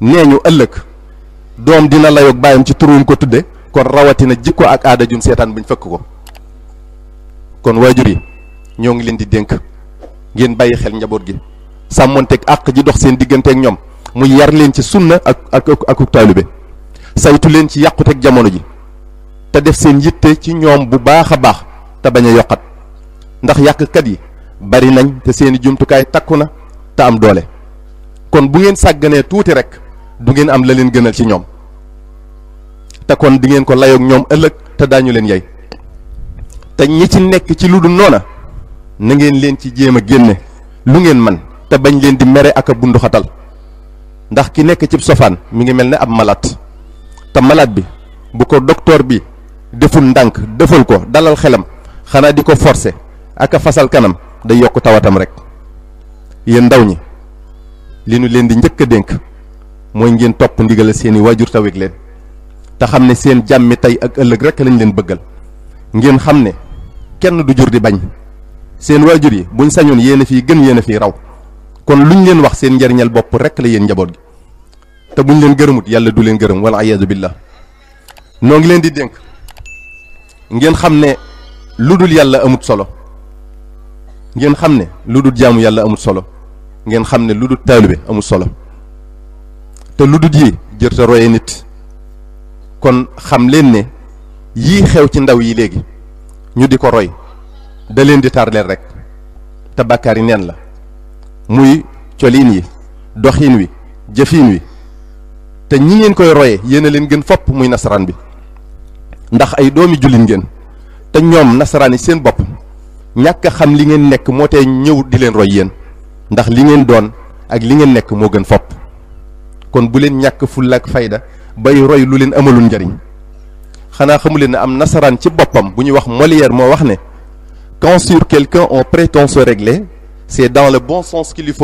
nee ñu ëllëg doom dina layoog bàyyam ci turuum ko tudde kon rawatina jikko ak aada jum seetaan buñ fëkk ko kon waajur yi ñoo ngi leen di dénk ngeen bàyyi xel njaboot gi sàmmonteeg àq ji dox seen diggante ak ñoom mu yar leen ci sunna ak ak ak bi saytu leen ci yàquteeg jamono ji te def seen yitte ci ñoom bu baax a baax te bañ a yokkat ndax yàqkat yi bari nañ te seeni jumtukaay takku na te am doole kon bu ngeen sàgganee tuuti rek du ngeen am la leen gënal ci ñom ta kon di ngeen ko layoog ñom ëlëk ta dañu leen yey ta ñi ci nekk ci luddul nona na ngeen leen ci jema gënne lu ngeen man ta bañ leen di mere ak a xatal ndax ki nekk ci sofan mi ngi ab malat, ta malat bi bu ko docteur bi deful ndank deful ko dalal xelam xana di ko forcer ak fasal kanam day yok tawatam rek yeen ndaw ñi li nu leen di ñëk moy ngeen top ndigal seen wajur tawik len ta xamne seen jammi tay ak ëllëg rek lañ leen bëggal ngeen xamne kenn du jur di bañ seen wajur yi buñ sañun yene fi gën yene fi raw kon luñ leen wax seen njariñal bop rek la yeen njabot gi ta buñ leen gërëmut yalla du leen gërëm wal a'yadu billah no ngi leen di denk ngeen xamne ludul yalla amut solo ngeen xamne ludul lu dul jaamu amut solo ngeen xamne ludul talibé amut solo te lu dut yi jër roye nit kon xam leen ne yii xew ci ndaw yi léegi ñu di ko roy da leen di tarleel rek te bàkkaar yi neen la muy colin yi doxin wi jëfin wi te ñi ngeen koy roye yéen leen gën fopp muy nasaraan bi ndax ay doomi jullit ngeen te ñoom nasaraan yi seen bopp ñàkk xam li ngeen nekk moo tee ñëw di leen roy yéen ndax li ngeen doon ak li ngeen nekk moo gën fopp kon bu leen ñàkk fulla ak fayda bay roy lu leen amalul njariñ xanaa xamu leen ne am nasaraan ci boppam bu ñuy wax Molière moo wax ne quand quelque quelqu'un on prétend se régler c'est dans le bon sens qu'il lui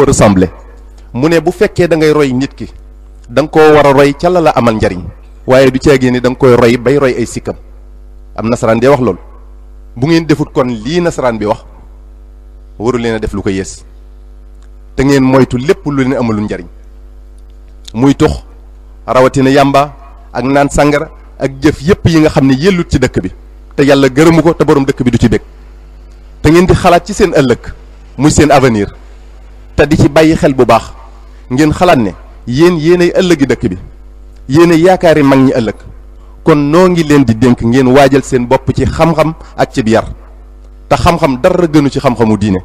mu ne bu fekkee da ngay roy nit ki da nga koo war a roy ca la la amal njariñ waaye du ceegee ni da nga koy roy bay roy ay sikkam am nasaraan dee wax loolu bu ngeen defut kon lii nasaraan bi wax waru leen a def lu ko yées te ngeen moytu lépp lu leen amalul njariñ muy rawati na yàmba ak sanger sàngara ak jëf yépp yi nga xam ne yellut ci dëkk bi te yàlla gërëmu ko te borom dëkk bi du ci te ngeen di xalaat ci seen ëllëg muy seen avenir te di ci bàyyi xel bu baax ngeen xalaat ne yéen yéenay ëllëgi dëkk bi yéenay yaakaari mag ñi ëllëg kon noo ngi leen di dénk ngeen waajal seen bopp ci xam-xam ak ci yar te xam-xam dara gënu ci xam-xamu diine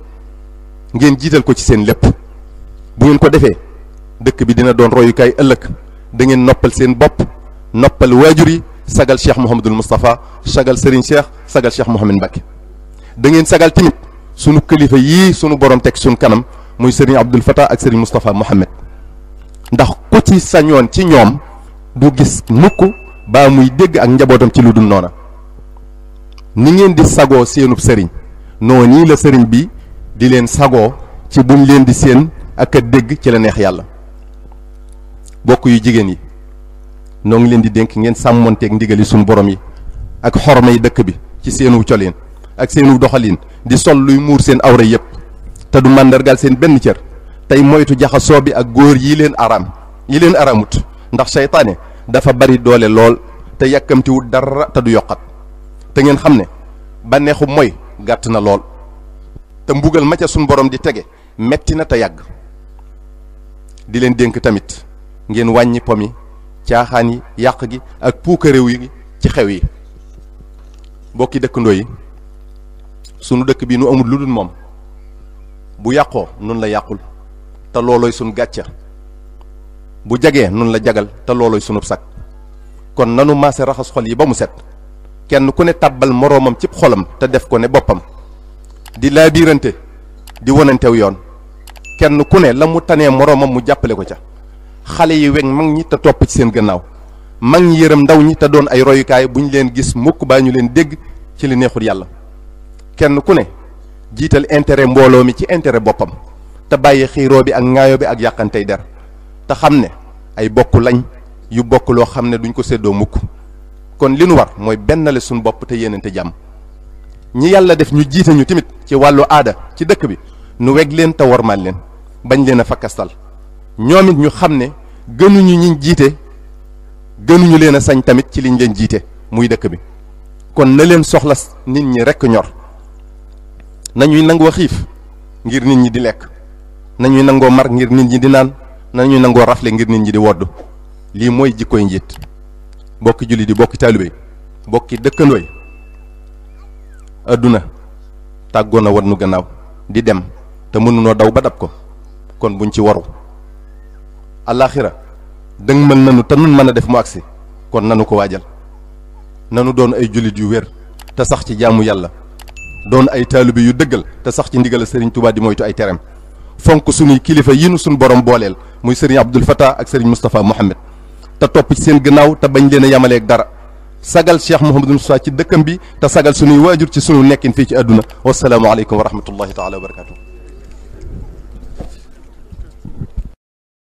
ngeen jiital ko ci seen lépp bu ngeen ko defee dëkk bi dina doon royukaay ëllëg da ngeen noppal seen bopp noppal waajur sagal cheikh Mouhamadul mustafa sagal Serigne Cheikh sagal cheikh Mouhamad Mbacke da ngeen sagal tamit sunu kilifa yii sunu borom teg sunu kanam muy Serigne Abdul Fatah ak Serigne Moustapha Mouhamed ndax ku ci sañoon ci ñoom du gis mukk baa muy dégg ak njabootam ci lu noona ni ngeen di sago seenub sëriñ noo nii la sëriñ bi di leen sagoo ci buñ leen di seen ak dégg ci la neex yàlla bokku yu jigen yi no ngi len di denk ngeen ndigal yi sun borom yi ak xormay dekk bi ci seenu cholin ak seenu doxalin di sol luy mur seen awra yep ta du mandargal seen ben cër tay moytu jaxaso bi ak góor yi len aram yi len aramut ndax shaytané dafa bari doole lool te wu dara ta du yokkat te ngeen xam ne bànneexu na lol te mbugal ma ca sun borom di tege metti na ta yag di len denk tamit ngeen wàññi pom yi caaxaan yi yàq gi ak puukaréew yi ci xew yi bokki dëkkandoo yi sunu dëkk bi nu amul lu dul moom bu yàqoo nun la yàqul te loolooy sunu gàcca bu jagee nun la jagal te loolooy sunub sag kon nanu maase raxas xol yi ba mu set kenn ku ne tàbbal moroomam cib xolam te def ko ne boppam di laa biirante di wonantew yoon kenn ku ne la mu tanee moroomam mu jàppale ko ca xale yi weg mag ñi te topp ci seen gannaaw mag ñi yërëm ndaw ñi te doon ay royukaay bu ñu leen gis mukk baa ñu leen dégg ci li neexul yàlla kenn ku ne jiital intérêt mbooloo mi ci intérêt boppam te bàyyi xiiro bi ak ŋaayoo bi ak yàqantey der te xam ne ay bokk lañ yu bokk loo xam ne duñ ko seddoo mukk kon li nu war mooy bennale suñu bopp te yeneen yéenante jàmm ñi yàlla def ñu jiita ñu tamit ci wàllu aada ci dëkk bi nu weg leen te wormaal leen bañ leen a fakkastal ñoom ñu xam ne gënuñu ñu jiite gënuñu leen a sañ tamit ci liñ leen jiite muy dëkk bi kon na leen soxla nit ñi rekk ñor nañuy nangoo xiif ngir nit ñi di lekk nañuy nangoo mar ngir nit ñi di naan nañuy nangoo rafle ngir nit ñi di wodd lii mooy jikkoy njiit bokki julli di bokki taalibe yi bokki dëkkandoo yi adduna tàggoon a war nu gannaaw di dem te mënunoo daw ba dab ko kon buñ ci waru alaxira danga mën nanu te nun mën a def mu agsi kon nanu ko waajal nanu doon ay jullit yu wér te sax ci jaamu yàlla doon ay taalibe yu dëggal te sax ci ndigal sëriñ Touba di moytu ay terem fonk suñuy kilifa yi suñ borom bolel muy sëriñ Abdul Fattah ak sëriñ Moustapha Mohamed te topp ci seen gannaaw te bañ leen a yamaleeg dara sagal Cheikh Mouhamadou Moustapha ci dëkkam bi te sagal suñuy waajur ci suñu nekkin fii ci àdduna wasalaamualeykum wa rahmatullahi taala wa barakatuh